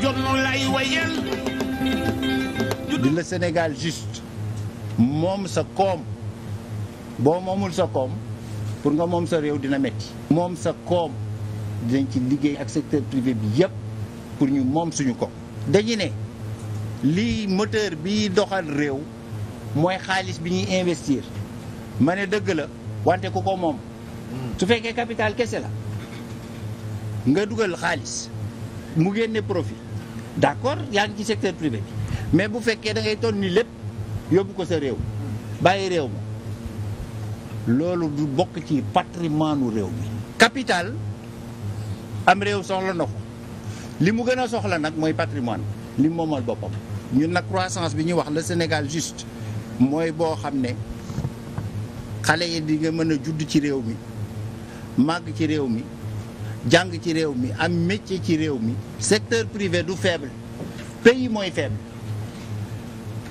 jot di le Sénégal juste moom sa koom boo moomul sa koom pour nga moom sa réew dina metti moom sa koom dinañ ci liggéey ak secteur privé bi yépp pour ñu moom suñu ko dañu ne lii moteur bi doxal réew mooy xaalis bi ñuy investir ma ne dëgg la wante ku ko moom hmm. su fekkee capital kese la nga dugal xaalis mu génne profit d'accord yaa ngi ci secteur privé mais bu fekkee dangay ngay ton ni lépp yóbbu ko sa réew bàyyi réew ma loolu du bokk ci patrimoine wu réew mi capital am réew soxla na ko li mu gën a soxla nag mooy patrimoine li moomal boppam ñun nag croissance bi ñu wax la Sénégal juste mooy boo xam ne xale yi di nga mën a judd ci réew mi màgg ci réew mi jàng ci réew mi am métier ci réew mi secteur privé du faible pays mooy faible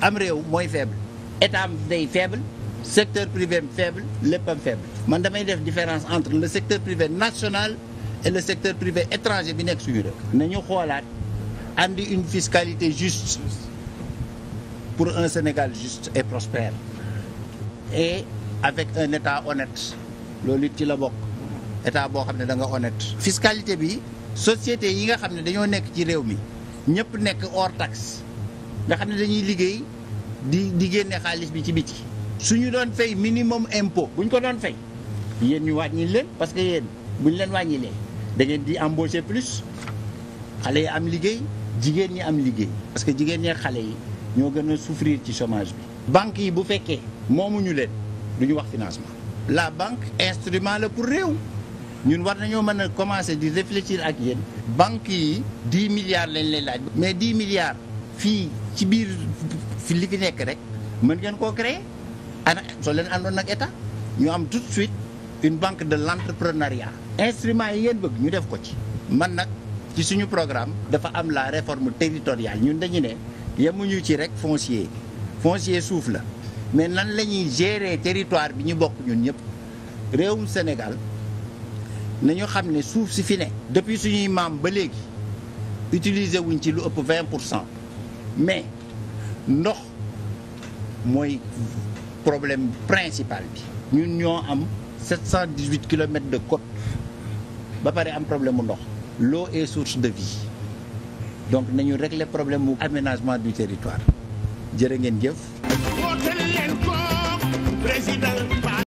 am réew mooy faible état am day faible secteur privé faible léppam faible man damay def différence entre le secteur privé national et le secteur privé étranger bi nekk suñu dëkk nañu xoolaat andi une fiscalité juste pour un Sénégal juste et prospère et avec un état honnête loolu it ci la bokk état boo xam ne da nga honnête. fiscalité bi societé yi nga xam ne dañoo nekk ci réew mi ñëpp nekk hors tax nga xam ne dañuy liggéey di di génne xaalis bi ci biti. su ñu doon fay minimum impôt bu ñu ko doon fay yéen ñu wàññi leen parce que yéen bu ñu leen wàññilee da ngeen di embaucher plus xale yi am liggéey jigéen ñi am liggéey. parce que jigéen ñee xale yi ñoo gën a souffrir ci chômage bi. banque yi bu fekkee moomuñu leen du ñu wax financement. la banque instrument la pour réew. ñun war nañoo mën a commencer di réfléchir ak yéen banques yi dix milliards lañ lay laaj mais dix milliards fii ci biir fi li fi nekk rek mën ngeen koo créer ana soo leen àndoon nag état ñu am tout de suite une banque de l'entrepreneuriat instruments yi ngeen bëgg ñu def ko ci man nag ci suñu programme dafa am la réforme territoriale ñun dañu ne yemuñu ci rek foncier foncier suuf la mais nan lañuy ñuy gérer territoire bi ñu bokk ñun ñëpp réewum Sénégal nañu xam ne suuf si fi depuis suñuy maam ba léegi utiliser wuñ ci lu ëpp vingt pour cent mais ndox mooy problème principal bi ñun ñoo am sept cent dix kilomètres de côte ba pare am problème mu ndox loo est source de vie donc nañu régler problème mu aménagement du territoire jërë ngeen jëf président